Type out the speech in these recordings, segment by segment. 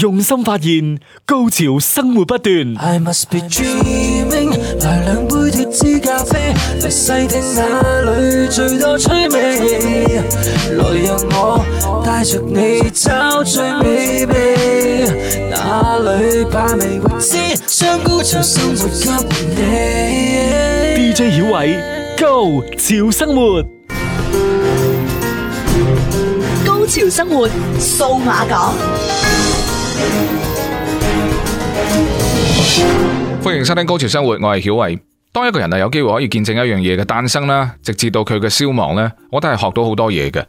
用心發現，高潮生活不斷。來兩杯脫脂咖啡，來細聽那裏最多趣味。來讓我帶着你找最美秘，哪裏把味知？將高潮生活給你。 DJ 曉偉，潮高潮生活，高潮生活數碼港。歡迎收聽《高潮生活》，我係曉偉。當一個人啊有機會可以見證一樣嘢嘅誕生啦，直至到佢嘅消亡呢，我都係學到好多嘢嘅。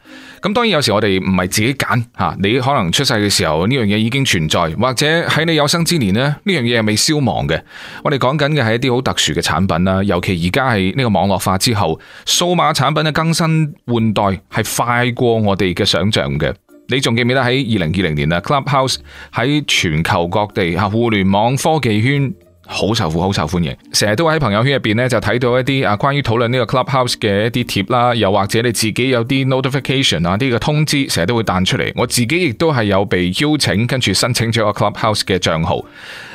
咁當然有時我哋唔係自己揀吓，你可能出世嘅時候呢樣嘢已經存在，或者喺你有生之年呢，呢樣嘢係未消亡嘅。我哋講緊嘅係一啲好特殊嘅產品啦，尤其而家係呢個網絡化之後，數碼產品嘅更新換代係快過我哋嘅想象嘅。你仲記唔記得喺二零二零年啊？Clubhouse 喺全球各地吓互聯網科技圈好受歡、好受歡迎，成日都會喺朋友圈入邊呢，就睇到一啲啊關於討論呢個 Clubhouse 嘅一啲貼啦，又或者你自己有啲 notification 啊啲嘅通知成日都會彈出嚟。我自己亦都係有被邀請，跟住申請咗個 Clubhouse 嘅賬號。誒、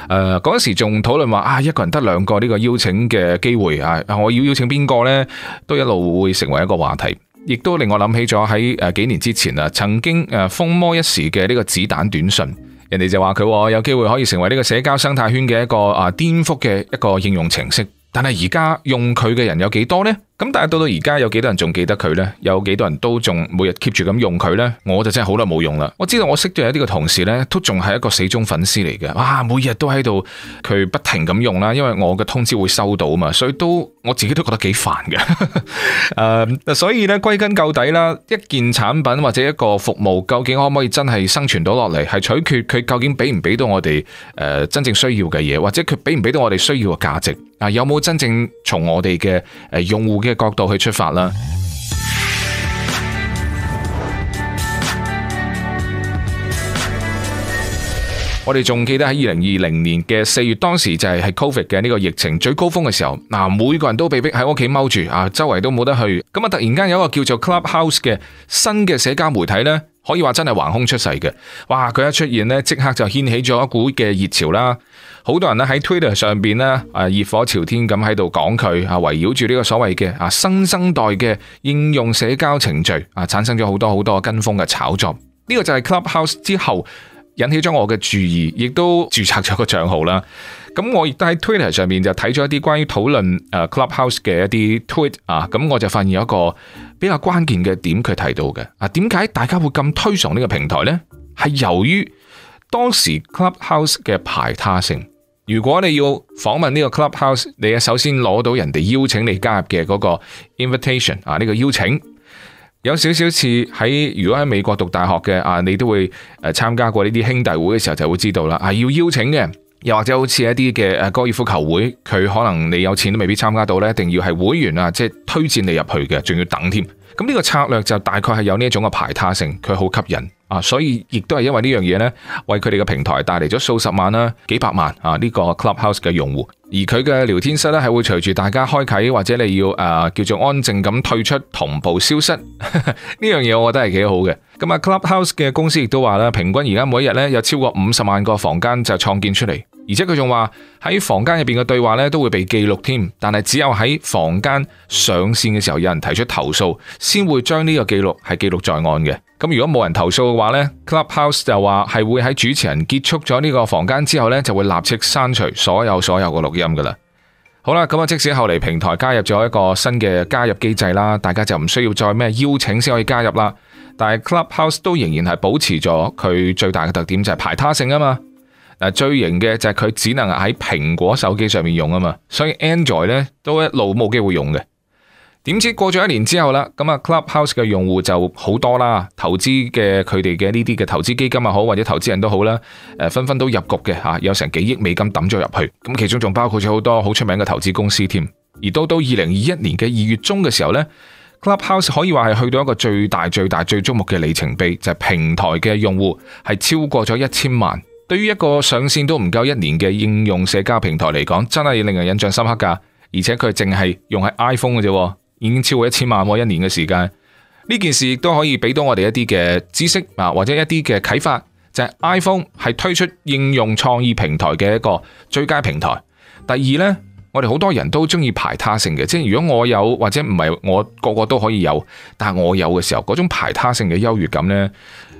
呃，嗰時仲討論話啊，一個人得兩個呢個邀請嘅機會啊，我要邀請邊個呢？都一路會成為一個話題。亦都令我諗起咗喺誒幾年之前啦，曾經誒風魔一時嘅呢個子彈短信，人哋就話佢有機會可以成為呢個社交生態圈嘅一個啊顛覆嘅一個應用程式，但係而家用佢嘅人有幾多呢？咁但係到到而家有幾多人仲記得佢咧？有幾多人都仲每日 keep 住咁用佢咧？我就真係好耐冇用啦。我知道我識咗有啲個同事咧，都仲係一個死忠粉絲嚟嘅。哇，每日都喺度佢不停咁用啦，因為我嘅通知會收到啊嘛，所以都我自己都覺得幾煩嘅。誒、 呃，所以咧，歸根究底啦，一件產品或者一個服務，究竟可唔可以真係生存到落嚟，係取決佢究竟俾唔俾到我哋誒、呃、真正需要嘅嘢，或者佢俾唔俾到我哋需要嘅價值啊？有冇真正從我哋嘅誒用戶嘅？嘅角度去出發啦！我哋仲記得喺二零二零年嘅四月，當時就係係 Covid 嘅呢個疫情最高峰嘅時候，嗱，每個人都被迫喺屋企踎住啊，周圍都冇得去，咁啊突然間有一個叫做 Clubhouse 嘅新嘅社交媒體呢。可以話真係橫空出世嘅，哇！佢一出現呢，即刻就掀起咗一股嘅熱潮啦。好多人呢喺 Twitter 上邊呢，啊，熱火朝天咁喺度講佢啊，圍繞住呢個所謂嘅啊新生代嘅應用社交程序啊，產生咗好多好多跟風嘅炒作。呢個就係 Clubhouse 之後引起咗我嘅注意，亦都注冊咗個賬號啦。咁我亦都喺 Twitter 上面就睇咗一啲關於討論誒 Clubhouse 嘅一啲 tweet 啊，咁我就發現一個。比較關鍵嘅點，佢提到嘅啊，點解大家會咁推崇呢個平台呢？係由於當時 Clubhouse 嘅排他性。如果你要訪問呢個 Clubhouse，你啊首先攞到人哋邀請你加入嘅嗰個 invitation 啊，呢、呢個邀請有少少似喺如果喺美國讀大學嘅啊，你都會誒參加過呢啲兄弟會嘅時候就會知道啦，係、啊、要邀請嘅。又或者好似一啲嘅誒高爾夫球會，佢可能你有錢都未必參加到咧，一定要係會員啊，即係推薦你入去嘅，仲要等添。咁呢個策略就大概係有呢一種嘅排他性，佢好吸引啊，所以亦都係因為呢樣嘢呢，為佢哋嘅平台帶嚟咗數十萬啦、幾百萬啊呢個 Clubhouse 嘅用戶。而佢嘅聊天室呢，係會隨住大家開啓或者你要誒、啊、叫做安靜咁退出同步消失呢樣嘢， 我覺得係幾好嘅。咁啊 Clubhouse 嘅公司亦都話啦，平均而家每日呢，有超過五十萬個房間就創建出嚟。而且佢仲話喺房間入邊嘅對話咧都會被記錄添，但係只有喺房間上線嘅時候有人提出投訴，先會將呢個記錄係記錄在案嘅。咁如果冇人投訴嘅話呢 Clubhouse 就話係會喺主持人結束咗呢個房間之後呢，就會立即刪除所有所有嘅錄音噶啦。好啦，咁啊，即使後嚟平台加入咗一個新嘅加入機制啦，大家就唔需要再咩邀請先可以加入啦。但係 Clubhouse 都仍然係保持咗佢最大嘅特點就係排他性啊嘛。嗱，最型嘅就係佢只能喺蘋果手機上面用啊嘛，所以 Android 咧，都一路冇機會用嘅。點知過咗一年之後啦，咁啊 Clubhouse 嘅用戶就好多啦，投資嘅佢哋嘅呢啲嘅投資基金啊好，或者投資人都好啦，誒、啊、紛紛都入局嘅吓、啊，有成幾億美金抌咗入去。咁其中仲包括咗好多好出名嘅投資公司添。而到到二零二一年嘅二月中嘅時候呢，Clubhouse 可以話係去到一個最大最大最矚目嘅里程碑，就係、是、平台嘅用戶係超過咗一千萬。對於一個上線都唔夠一年嘅應用社交平台嚟講，真係令人印象深刻噶。而且佢係淨係用喺 iPhone 嘅啫，已經超過一千萬、哦、一年嘅時間。呢件事亦都可以俾到我哋一啲嘅知識啊，或者一啲嘅啟發，就係、是、iPhone 係推出應用創意平台嘅一個最佳平台。第二呢，我哋好多人都中意排他性嘅，即係如果我有或者唔係我個個都可以有，但係我有嘅時候嗰種排他性嘅優越感呢。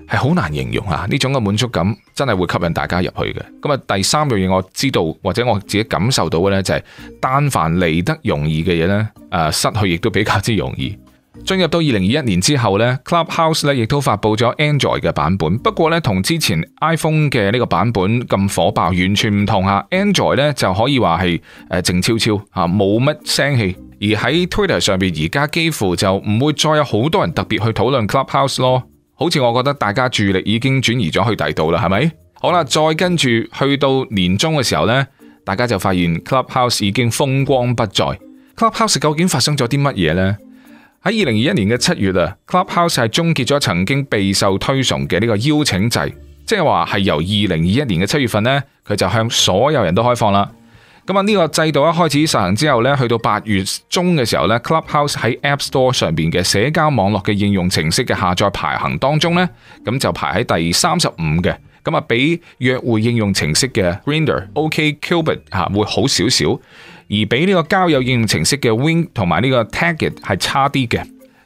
係好難形容啊！呢種嘅滿足感真係會吸引大家入去嘅。咁啊，第三樣嘢我知道或者我自己感受到嘅呢、就是，就係但凡嚟得容易嘅嘢呢，誒、呃，失去亦都比較之容易。進入到二零二一年之後呢，Clubhouse 呢亦都發布咗 Android 嘅版本，不過呢，同之前 iPhone 嘅呢個版本咁火爆，完全唔同啊！Android 呢就可以話係誒靜悄悄吓，冇乜聲氣，而喺 Twitter 上面，而家幾乎就唔會再有好多人特別去討論 Clubhouse 咯。好似我覺得大家注意力已經轉移咗去第度啦，係咪？好啦，再跟住去到年中嘅時候呢，大家就發現 Clubhouse 已經風光不再。Clubhouse 究竟發生咗啲乜嘢呢？喺二零二一年嘅七月啊，Clubhouse 係終結咗曾經備受推崇嘅呢個邀請制，即係話係由二零二一年嘅七月份呢，佢就向所有人都開放啦。咁啊，呢個制度一開始實行之後呢，去到八月中嘅時候呢，Clubhouse 喺 App Store 上邊嘅社交網絡嘅應用程式嘅下載排行當中呢，咁就排喺第三十五嘅。咁啊，比約會應用程式嘅 Grindr、OkCupid 嚇會好少少，而比呢個交友應用程式嘅 Wing 同埋呢個 Tagged 係差啲嘅。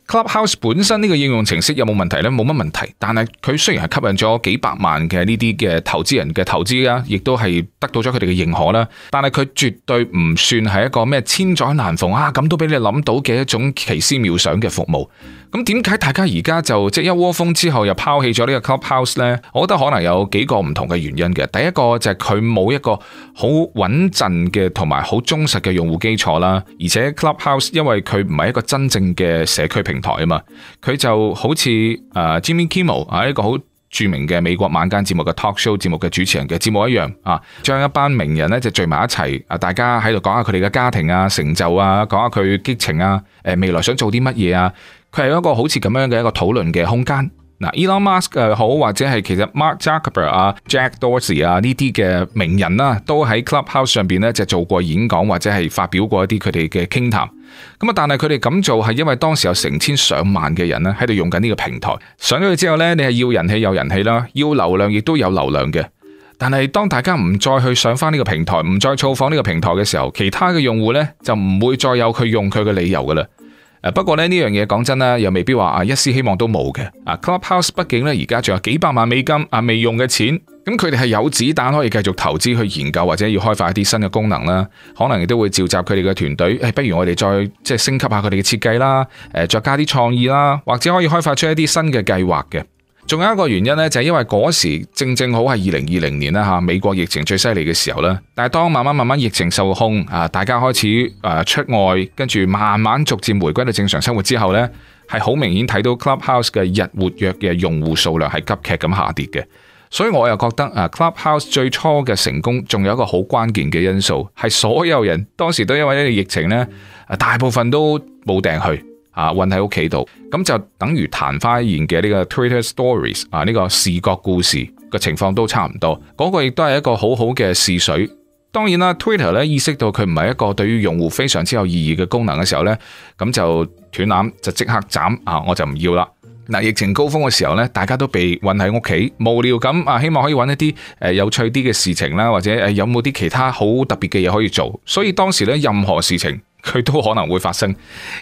Clubhouse 本身呢個應用程式有冇問題咧？冇乜問題，但係佢雖然係吸引咗幾百萬嘅呢啲嘅投資人嘅投資啊，亦都係得到咗佢哋嘅認可啦。但係佢絕對唔算係一個咩千載難逢啊，咁都俾你諗到嘅一種奇思妙想嘅服務。咁點解大家而家就即係、就係、一窩蜂之後又拋棄咗呢個 Clubhouse 咧？我覺得可能有幾個唔同嘅原因嘅。第一個就係佢冇一個好穩陣嘅同埋好忠實嘅用戶基礎啦。而且 Clubhouse 因為佢唔係一個真正嘅社區平台啊嘛，佢就好似誒、啊、Jimmy Kimmel 啊，一個好著名嘅美國晚間節目嘅 talk show 節目嘅主持人嘅節目一樣啊，將一班名人咧就聚埋一齊啊，大家喺度講下佢哋嘅家庭啊、成就啊，講下佢激情啊，誒、啊、未來想做啲乜嘢啊，佢係一個好似咁樣嘅一個討論嘅空間。嗱、啊、Elon Musk、啊、好，或者係其實 Mark Zuckerberg 啊、Jack Dorsey 啊呢啲嘅名人啦、啊，都喺 Clubhouse 上邊咧就做過演講或者係發表過一啲佢哋嘅傾談。咁啊！但係佢哋咁做係因為當時有成千上萬嘅人咧喺度用緊呢個平台，上咗去之後呢，你係要人氣有人氣啦，要流量亦都有流量嘅。但係當大家唔再去上返呢個平台，唔再造訪呢個平台嘅時候，其他嘅用戶呢，就唔會再有佢用佢嘅理由㗎喇。不過呢樣嘢講真啦，又未必話啊一絲希望都冇嘅。啊，Clubhouse 畢竟呢，而家仲有幾百萬美金啊未用嘅錢，咁佢哋係有子彈可以繼續投資去研究或者要開發一啲新嘅功能啦，可能亦都會召集佢哋嘅團隊，哎，不如我哋再即升級下佢哋嘅設計啦，再加啲創意啦，或者可以開發出一啲新嘅計劃嘅。仲有一個原因呢，就係、是、因為嗰時正正好係二零二零年啦吓，美國疫情最犀利嘅時候啦。但係當慢慢慢慢疫情受控啊，大家開始誒出外，跟住慢慢逐漸回歸到正常生活之後呢，係好明顯睇到 Clubhouse 嘅日活躍嘅用戶數量係急劇咁下跌嘅。所以我又覺得啊，Clubhouse 最初嘅成功，仲有一個好關鍵嘅因素係所有人當時都因為呢個疫情呢，大部分都冇訂去。啊，困喺屋企度，咁就等於曇花一現嘅呢個 Twitter Stories 啊，呢個視覺故事嘅情況都差唔多，嗰個亦都係一個好好嘅試水。當然啦，Twitter 咧意識到佢唔係一個對於用戶非常之有意義嘅功能嘅時候呢，咁就斷纜就即刻斬啊，我就唔要啦。嗱、啊，疫情高峰嘅時候呢，大家都被困喺屋企，無聊咁啊，希望可以揾一啲誒有趣啲嘅事情啦，或者誒有冇啲其他好特別嘅嘢可以做，所以當時呢，任何事情，佢都可能會發生，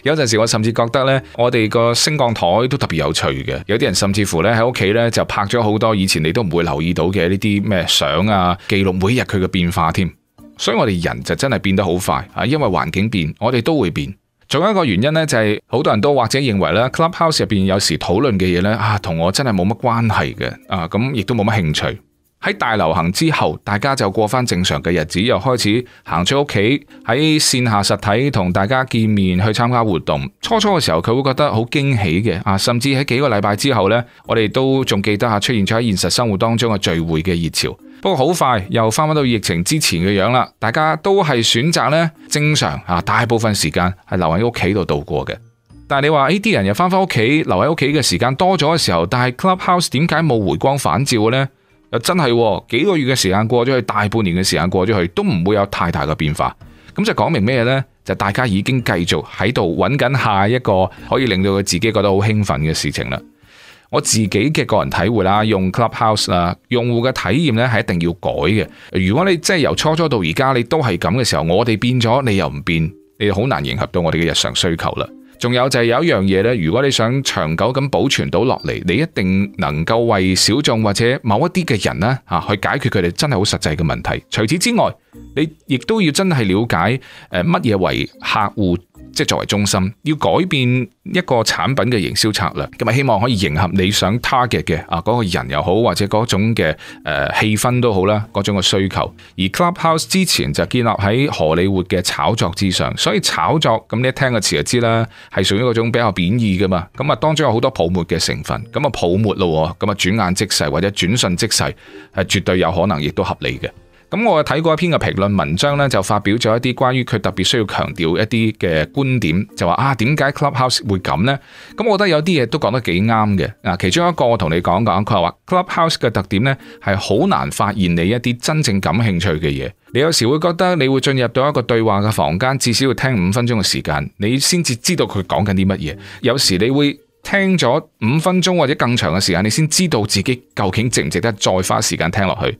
有陣時我甚至覺得呢，我哋個升降台都特別有趣嘅，有啲人甚至乎呢，喺屋企呢就拍咗好多以前你都唔會留意到嘅呢啲咩相啊，記錄每日佢嘅變化添，所以我哋人就真係變得好快啊，因為環境變，我哋都會變。仲有一個原因呢，就係好多人都或者認為呢 Clubhouse 入邊有時討論嘅嘢呢，啊，同我真係冇乜關係嘅啊，咁亦都冇乜興趣。喺大流行之後，大家就過返正常嘅日子，又開始行出屋企喺線下實體同大家見面去參加活動。初初嘅時候佢會覺得好驚喜嘅，啊，甚至喺幾個禮拜之後呢，我哋都仲記得啊，出現咗喺、現現實生活當中嘅聚會嘅熱潮。不過好快又翻返到疫情之前嘅樣啦，大家都係選擇呢正常啊，大部分時間係留喺屋企度度過嘅。但係你話呢啲人又翻翻屋企，留喺屋企嘅時間多咗嘅時候，但係 Clubhouse 點解冇回光返照嘅呢？啊！真係幾個月嘅時間過咗去，大半年嘅時間過咗去，都唔會有太大嘅變化。咁就講明咩呢？就大家已經繼續喺度揾緊下一個可以令到佢自己覺得好興奮嘅事情啦。我自己嘅個人體會啦，用 Clubhouse 啦，用戶嘅體驗呢係一定要改嘅。如果你即係由初初到而家你都係咁嘅時候，我哋變咗，你又唔變，你好難迎合到我哋嘅日常需求啦。仲有就係有一樣嘢咧，如果你想長久咁保存到落嚟，你一定能夠為小眾或者某一啲嘅人咧嚇去解決佢哋真係好實際嘅問題。除此之外，你亦都要真係了解誒乜嘢為客戶。即係作為中心，要改變一個產品嘅營銷策略，咁啊希望可以迎合你想 target 嘅啊嗰個人又好，或者嗰種嘅誒氣氛都好啦，嗰種嘅需求。而 Clubhouse 之前就建立喺荷里活嘅炒作之上，所以炒作咁你一聽個詞就知啦，係屬於嗰種比較貶義㗎嘛。咁啊當中有好多泡沫嘅成分，咁啊泡沫咯，咁啊轉眼即逝或者轉瞬即逝，係絕對有可能亦都合理嘅。咁我睇過一篇嘅評論文章咧，就發表咗一啲關於佢特別需要強調一啲嘅觀點，就話啊點解 Clubhouse 會咁呢？咁我覺得有啲嘢都講得幾啱嘅。嗱，其中一個我同你講講，佢話 Clubhouse 嘅特點咧係好難發現你一啲真正感興趣嘅嘢。你有時會覺得你會進入到一個對話嘅房間，至少要聽五分鐘嘅時間，你先至知道佢講緊啲乜嘢。有時你會聽咗五分鐘或者更長嘅時間，你先知道自己究竟值唔值得再花時間聽落去。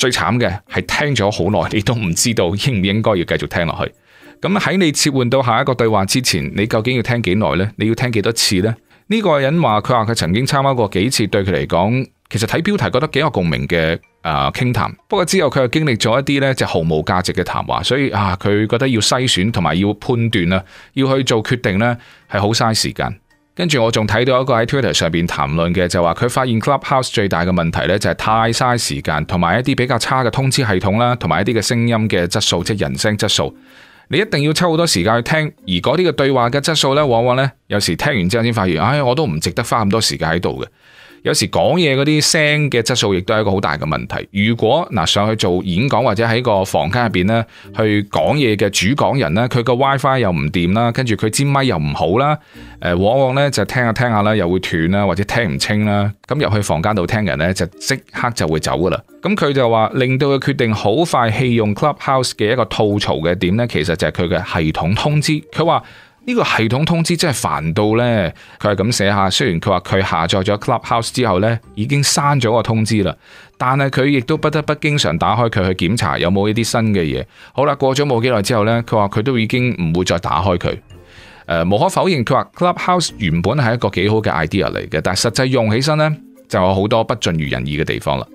最慘嘅係聽咗好耐，你都唔知道應唔應該要繼續聽落去。咁喺你切換到下一個對話之前，你究竟要聽幾耐呢？你要聽幾多次呢？呢個人話佢話佢曾經參加過幾次，對佢嚟講，其實睇標題覺得幾有共鳴嘅誒傾談。不過之後佢又經歷咗一啲呢就毫無價值嘅談話，所以啊，佢覺得要篩選同埋要判斷啊，要去做決定呢，係好嘥時間。跟住我仲睇到一個喺 Twitter 上邊談論嘅就話，佢發現 Clubhouse 最大嘅問題呢，就係太嘥時間，同埋一啲比較差嘅通知系統啦，同埋一啲嘅聲音嘅質素，即係人聲質素。你一定要抽好多時間去聽，而嗰啲嘅對話嘅質素呢，往往呢，有時聽完之後先發現，唉、哎，我都唔值得花咁多時間喺度嘅。有時講嘢嗰啲聲嘅質素亦都係一個好大嘅問題。如果嗱上去做演講或者喺個房間入邊咧，去講嘢嘅主講人咧，佢個 WiFi 又唔掂啦，跟住佢支咪又唔好啦，往往咧就聽下聽下啦，又會斷啦，或者聽唔清啦。咁入去房間度聽人咧，就即刻就會走噶啦。咁佢就話令到佢決定好快棄用 Clubhouse 嘅一個吐槽嘅點咧，其實就係佢嘅系統通知。佢話。呢個系統通知真係煩到呢。佢係咁寫下：雖然佢話佢下載咗 Clubhouse 之後呢已經刪咗個通知啦，但係佢亦都不得不經常打開佢去檢查有冇一啲新嘅嘢。好啦，過咗冇幾耐之後呢，佢話佢都已經唔會再打開佢。誒、呃，無可否認，佢話 Clubhouse 原本係一個幾好嘅 idea 嚟嘅，但係實際用起身呢，就有好多不盡如人意嘅地方啦。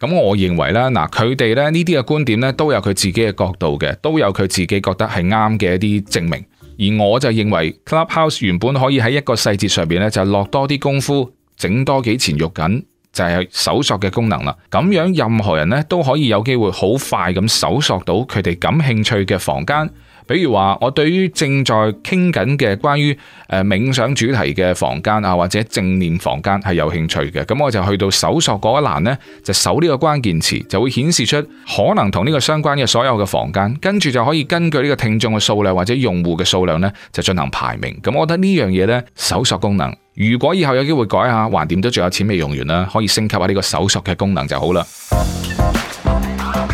咁我認為呢，嗱、呃，佢哋咧呢啲嘅觀點呢，都有佢自己嘅角度嘅，都有佢自己覺得係啱嘅一啲證明。而我就認為，Clubhouse 原本可以喺一個細節上面咧，就落多啲功夫，整多幾錢肉緊，就係、是、搜索嘅功能啦。咁樣任何人咧都可以有機會好快咁搜索到佢哋感興趣嘅房間。比如話，我對於正在傾緊嘅關於誒冥想主題嘅房間啊，或者正念房間係有興趣嘅，咁我就去到搜索嗰一欄呢，就搜呢個關鍵詞，就會顯示出可能同呢個相關嘅所有嘅房間，跟住就可以根據呢個聽眾嘅數量或者用戶嘅數量呢，就進行排名。咁我覺得呢樣嘢呢，搜索功能，如果以後有機會改下，橫掂都仲有錢未用完啦，可以升級下呢個搜索嘅功能就好啦。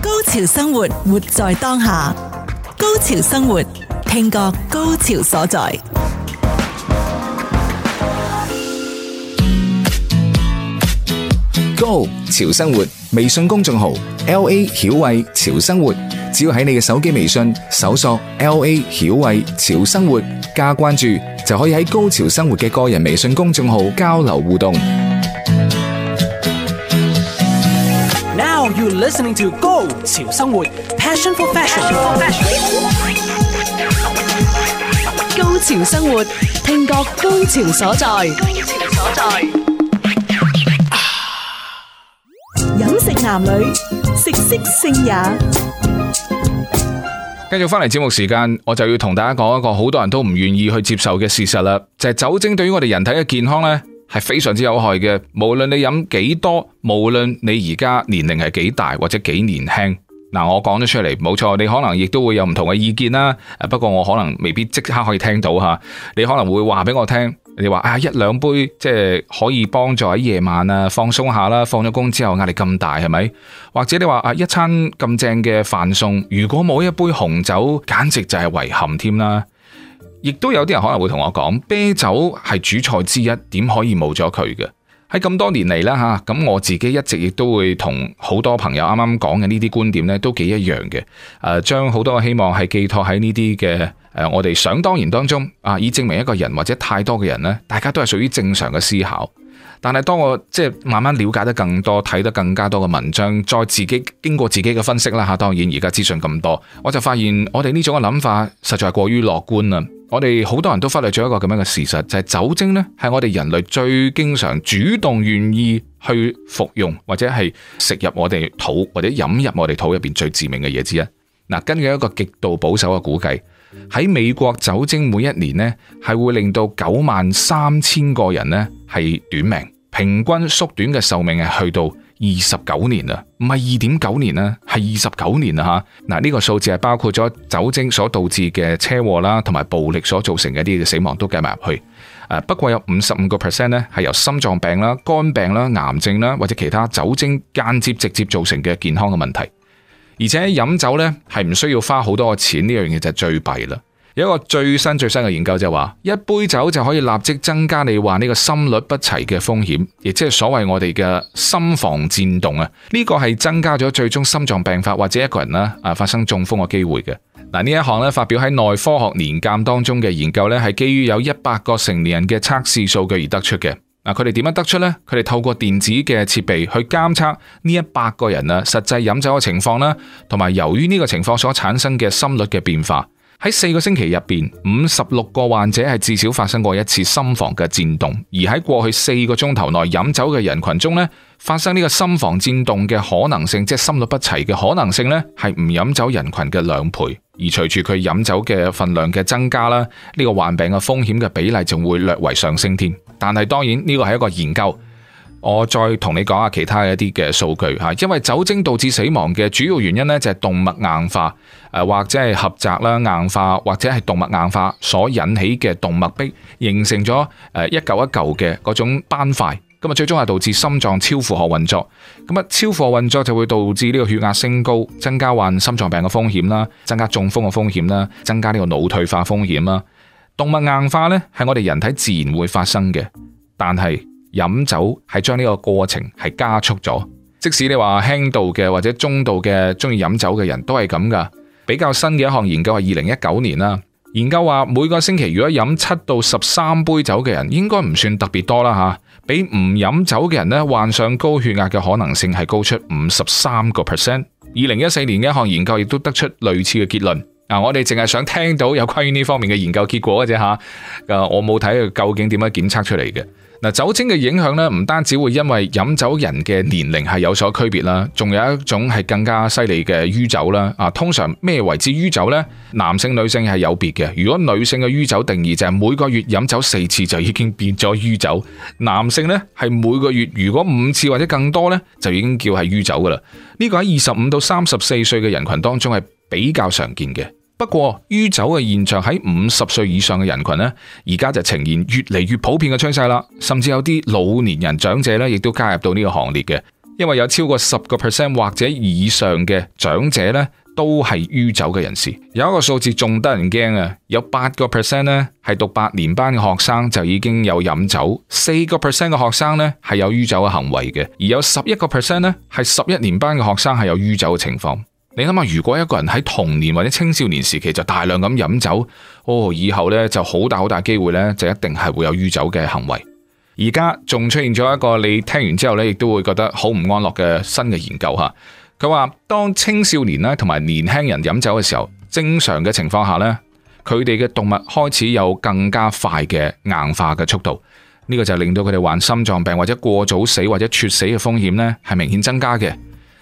高潮生活，活在當下。高潮生活，聽覺高潮所在。Go！潮生活微信公眾號，L A 曉慧潮生活，只要喺你嘅手機微信搜索 L A 曉慧潮生活加關注，就可以喺高潮生活嘅個人微信公眾號交流互動。You're listening to 高潮生活，passion for fashion。高潮生活，聽覺高潮所在。高潮所在。飲 食男女，食色性也。繼續翻嚟節目時間，我就要同大家講一個好多人都唔願意去接受嘅事實啦，就係、是、酒精對於我哋人體嘅健康咧，係非常之有害嘅，無論你飲幾多，無論你而家年齡係幾大或者幾年輕。嗱，我講咗出嚟冇錯，你可能亦都會有唔同嘅意見啦。不過我可能未必即刻可以聽到吓，你可能會話俾我聽，你話啊，一兩杯即係可以幫助喺夜晚啊放鬆下啦，放咗工之後壓力咁大係咪？或者你話啊，一餐咁正嘅飯餸，如果冇一杯紅酒，簡直就係遺憾添啦。亦都有啲人可能會同我講，啤酒係主菜之一，點可以冇咗佢嘅？喺咁多年嚟啦嚇，咁我自己一直亦都會同好多朋友啱啱講嘅呢啲觀點呢都幾一樣嘅。誒，將好多希望係寄託喺呢啲嘅誒，我哋想當然當中啊，以證明一個人或者太多嘅人呢，大家都係屬於正常嘅思考。但係當我即係慢慢了解得更多，睇得更加多嘅文章，再自己經過自己嘅分析啦吓，當然而家資訊咁多，我就發現我哋呢種嘅諗法實在過於樂觀啦。我哋好多人都忽略咗一個咁樣嘅事實，就係酒精呢係我哋人類最經常主動願意去服用或者係食入我哋肚或者飲入我哋肚入邊最致命嘅嘢之一。嗱，根據一個極度保守嘅估計。喺美國，酒精每一年呢係會令到九萬三千個人呢係短命，平均縮短嘅壽命係去到二十九年啊，唔係二點九年啦，係二十九年啦吓。嗱、這、呢個數字係包括咗酒精所導致嘅車禍啦，同埋暴力所造成嘅一啲死亡都計埋入去。不過有五十五個 percent 咧係由心臟病啦、肝病啦、癌症啦或者其他酒精間接直接造成嘅健康嘅問題。而且飲酒呢係唔需要花好多嘅錢，呢樣嘢就最弊啦。有一個最新最新嘅研究就係話，一杯酒就可以立即增加你患呢個心率不齊嘅風險，亦即係所謂我哋嘅心房戰動啊。呢個係增加咗最終心臟病發或者一個人啦啊發生中風嘅機會嘅。嗱，呢一項咧發表喺內科學年鑑當中嘅研究呢，係基於有一百個成年人嘅測試數據而得出嘅。嗱，佢哋點樣得出呢？佢哋透過電子嘅設備去監測呢一百個人啊，實際飲酒嘅情況啦，同埋由於呢個情況所產生嘅心率嘅變化。喺四個星期入邊，五十六個患者係至少發生過一次心房嘅顫動，而喺過去四個鐘頭內飲酒嘅人群中咧，發生呢個心房顫動嘅可能性，即係心率不齊嘅可能性咧，係唔飲酒人群嘅兩倍。而隨住佢飲酒嘅份量嘅增加啦，呢個患病嘅風險嘅比例仲會略為上升添。但係當然呢個係一個研究，我再同你講下其他一啲嘅數據吓，因為酒精導致死亡嘅主要原因呢，就係動脈硬化，誒或者係狹窄啦、硬化或者係動脈硬化所引起嘅動脈壁形成咗誒一舊一舊嘅嗰種斑塊，咁啊最終係導致心臟超負荷運作，咁啊超負荷運作就會導致呢個血壓升高，增加患心臟病嘅風險啦，增加中風嘅風險啦，增加呢個腦退化風險啦。動物硬化咧，係我哋人體自然會發生嘅，但係飲酒係將呢個過程係加速咗。即使你話輕度嘅或者中度嘅鍾意飲酒嘅人都係咁㗎。比較新嘅一項研究係二零一九年啦，研究話每個星期如果飲七到十三杯酒嘅人，應該唔算特別多啦吓，比唔飲酒嘅人咧，患上高血壓嘅可能性係高出五十三個 percent。二零一四年嘅一項研究亦都得出類似嘅結論。嗱，我哋淨係想聽到有關於呢方面嘅研究結果嘅啫吓，我冇睇佢究竟點樣檢測出嚟嘅。嗱，酒精嘅影響呢，唔單止會因為飲酒人嘅年齡係有所區別啦，仲有一種係更加犀利嘅酗酒啦。啊，通常咩為之酗酒呢？男性、女性係有別嘅。如果女性嘅酗酒定義就係每個月飲酒四次就已經變咗酗酒，男性呢，係每個月如果五次或者更多呢，就已經叫係酗酒噶啦。呢個喺二十五到三十四歲嘅人群當中係比較常見嘅，不過酗酒嘅現象喺五十歲以上嘅人群呢，而家就呈現越嚟越普遍嘅趨勢啦。甚至有啲老年人、長者呢，亦都加入到呢個行列嘅。因為有超過十個 percent 或者以上嘅長者呢，都係酗酒嘅人士。有一個數字仲得人驚啊，有八個 percent 呢係讀八年班嘅學生就已經有飲酒，四個 percent 嘅學生呢係有酗酒嘅行為嘅，而有十一個 percent 呢係十一年班嘅學生係有酗酒嘅情況。你諗下，如果一個人喺童年或者青少年時期就大量咁飲酒，哦，以後呢就好大好大機會呢就一定係會有酗酒嘅行為。而家仲出現咗一個你聽完之後呢亦都會覺得好唔安樂嘅新嘅研究吓。佢話當青少年咧同埋年輕人飲酒嘅時候，正常嘅情況下呢，佢哋嘅動脈開始有更加快嘅硬化嘅速度，呢、呢個就令到佢哋患心臟病或者過早死或者猝死嘅風險呢係明顯增加嘅。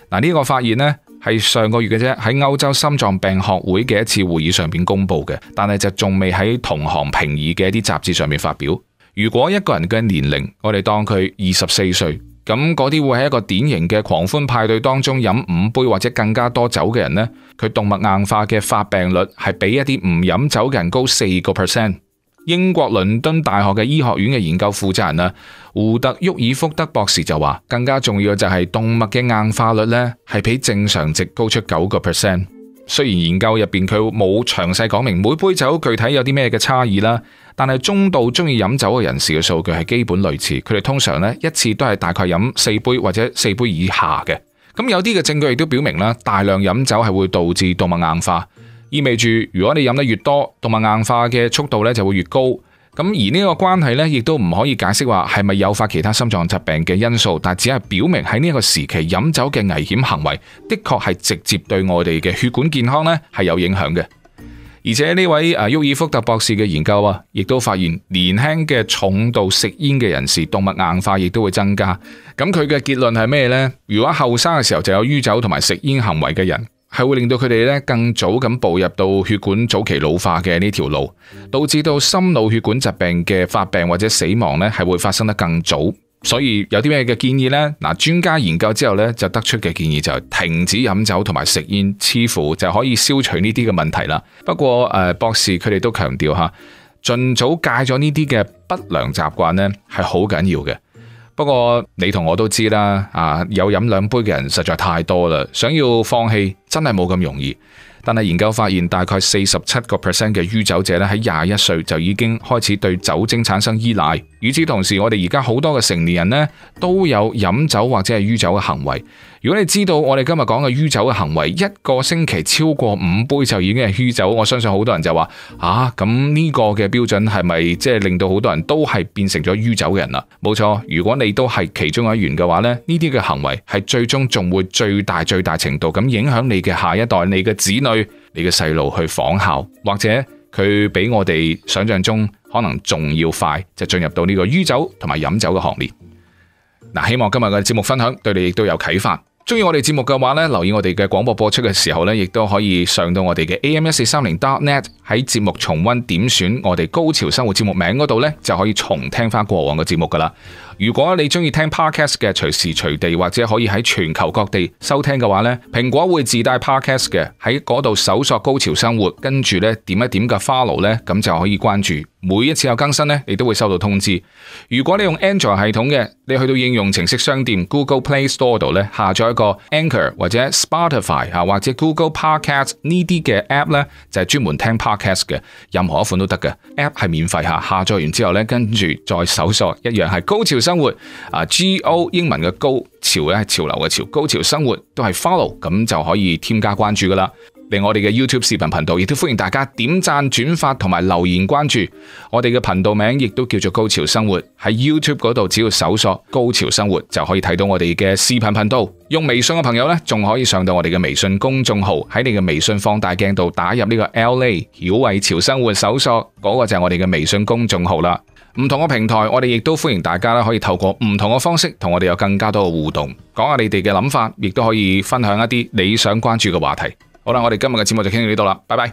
嗱、呢、呢個發現呢係上個月嘅啫，喺歐洲心臟病學會嘅一次會議上邊公布嘅，但係就仲未喺同行評議嘅一啲雜誌上面發表。如果一個人嘅年齡，我哋當佢二十四歲，咁嗰啲會喺一個典型嘅狂歡派對當中飲五杯或者更加多酒嘅人呢，佢動脈硬化嘅發病率係比一啲唔飲酒嘅人高四個 percent。英國倫敦大學嘅醫學院嘅研究負責人啊，胡特沃爾福德博士就話，更加重要嘅就係動脈嘅硬化率咧，係比正常值高出九個 percent。雖然研究入邊佢冇詳細講明每杯酒具體有啲咩嘅差異啦，但係中度中意飲酒嘅人士嘅數據係基本類似，佢哋通常咧一次都係大概飲四杯或者四杯以下嘅。咁有啲嘅證據亦都表明啦，大量飲酒係會導致動脈硬化。意味住如果你飲得越多，動物硬化嘅速度咧就會越高。咁而呢個關係呢，亦都唔可以解釋話係咪誘發其他心臟疾病嘅因素，但只係表明喺呢一個時期飲酒嘅危險行為，的確係直接對我哋嘅血管健康呢係有影響嘅。而且呢位啊沃爾福特博士嘅研究啊，亦都發現年輕嘅重度食煙嘅人士，動物硬化亦都會增加。咁佢嘅結論係咩呢？如果後生嘅時候就有酗酒同埋食煙行為嘅人。係會令到佢哋咧更早咁步入到血管早期老化嘅呢條路，導致到心腦血管疾病嘅發病或者死亡咧係會發生得更早。所以有啲咩嘅建議呢？嗱，專家研究之後咧就得出嘅建議就係停止飲酒同埋食煙，似乎就可以消除呢啲嘅問題啦。不過誒、呃，博士佢哋都強調吓，盡早戒咗呢啲嘅不良習慣呢係好緊要嘅。不過你同我都知啦，啊有飲兩杯嘅人實在太多啦，想要放棄真係冇咁容易。但係研究發現，大概四十七個 percent 嘅酗酒者呢喺廿一歲就已經開始對酒精產生依賴。與此同時，我哋而家好多嘅成年人呢，都有飲酒或者係酗酒嘅行為。如果你知道我哋今日講嘅酗酒嘅行為，一個星期超過五杯就已經係酗酒，我相信好多人就話：啊，咁呢個嘅標準係咪即係令到好多人都係變成咗酗酒嘅人喇？冇錯，如果你都係其中一員嘅話咧，呢啲嘅行為係最終仲會最大最大程度咁影響你嘅下一代、你嘅子女、你嘅細路去仿效，或者。佢比我哋想象中可能仲要快，就進入到呢個酗酒同埋飲酒嘅行列。嗱，希望今日嘅節目分享對你亦都有啟發。鍾意我哋節目嘅話咧，留意我哋嘅廣播播出嘅時候，呢亦都可以上到我哋嘅 AM1430.net 喺節目重溫點選我哋高潮生活節目名嗰度呢就可以重聽返過往嘅節目噶啦。如果你中意聽 podcast 嘅，隨時隨地或者可以喺全球各地收聽嘅話呢，蘋果會自帶 podcast 嘅，喺嗰度搜索高潮生活，跟住呢點一點嘅 follow 咧，咁就可以關注，每一次有更新呢，你都會收到通知。如果你用 Android 系統嘅，你去到應用程式商店 Google Play Store 度呢，下載一個 Anchor 或者 Spotify 啊，或者 Google Podcast 呢啲嘅 app 呢，就係專門聽 podcast 嘅，任何一款都得嘅 app 係免費吓，下載完之後呢，跟住再搜索，一樣係高潮生活。生活啊，G O 英文嘅高潮咧，潮流嘅潮，高潮生活都係 follow，咁就可以添加關注噶啦。另我哋嘅 YouTube 視頻頻道亦都歡迎大家點讚、轉發同埋留言關注。我哋嘅頻道名亦都叫做高潮生活，喺 YouTube 嗰度，只要搜索高潮生活就可以睇到我哋嘅視頻頻道。用微信嘅朋友呢，仲可以上到我哋嘅微信公眾號，喺你嘅微信放大鏡度打入呢個 L A 曉慧潮生活搜索，嗰個就係我哋嘅微信公眾號啦。唔同嘅平台，我哋亦都歡迎大家咧，可以透過唔同嘅方式同我哋有更加多嘅互動，講下你哋嘅諗法，亦都可以分享一啲你想關注嘅話題。好啦，我哋今日嘅節目就傾到呢度啦，拜拜。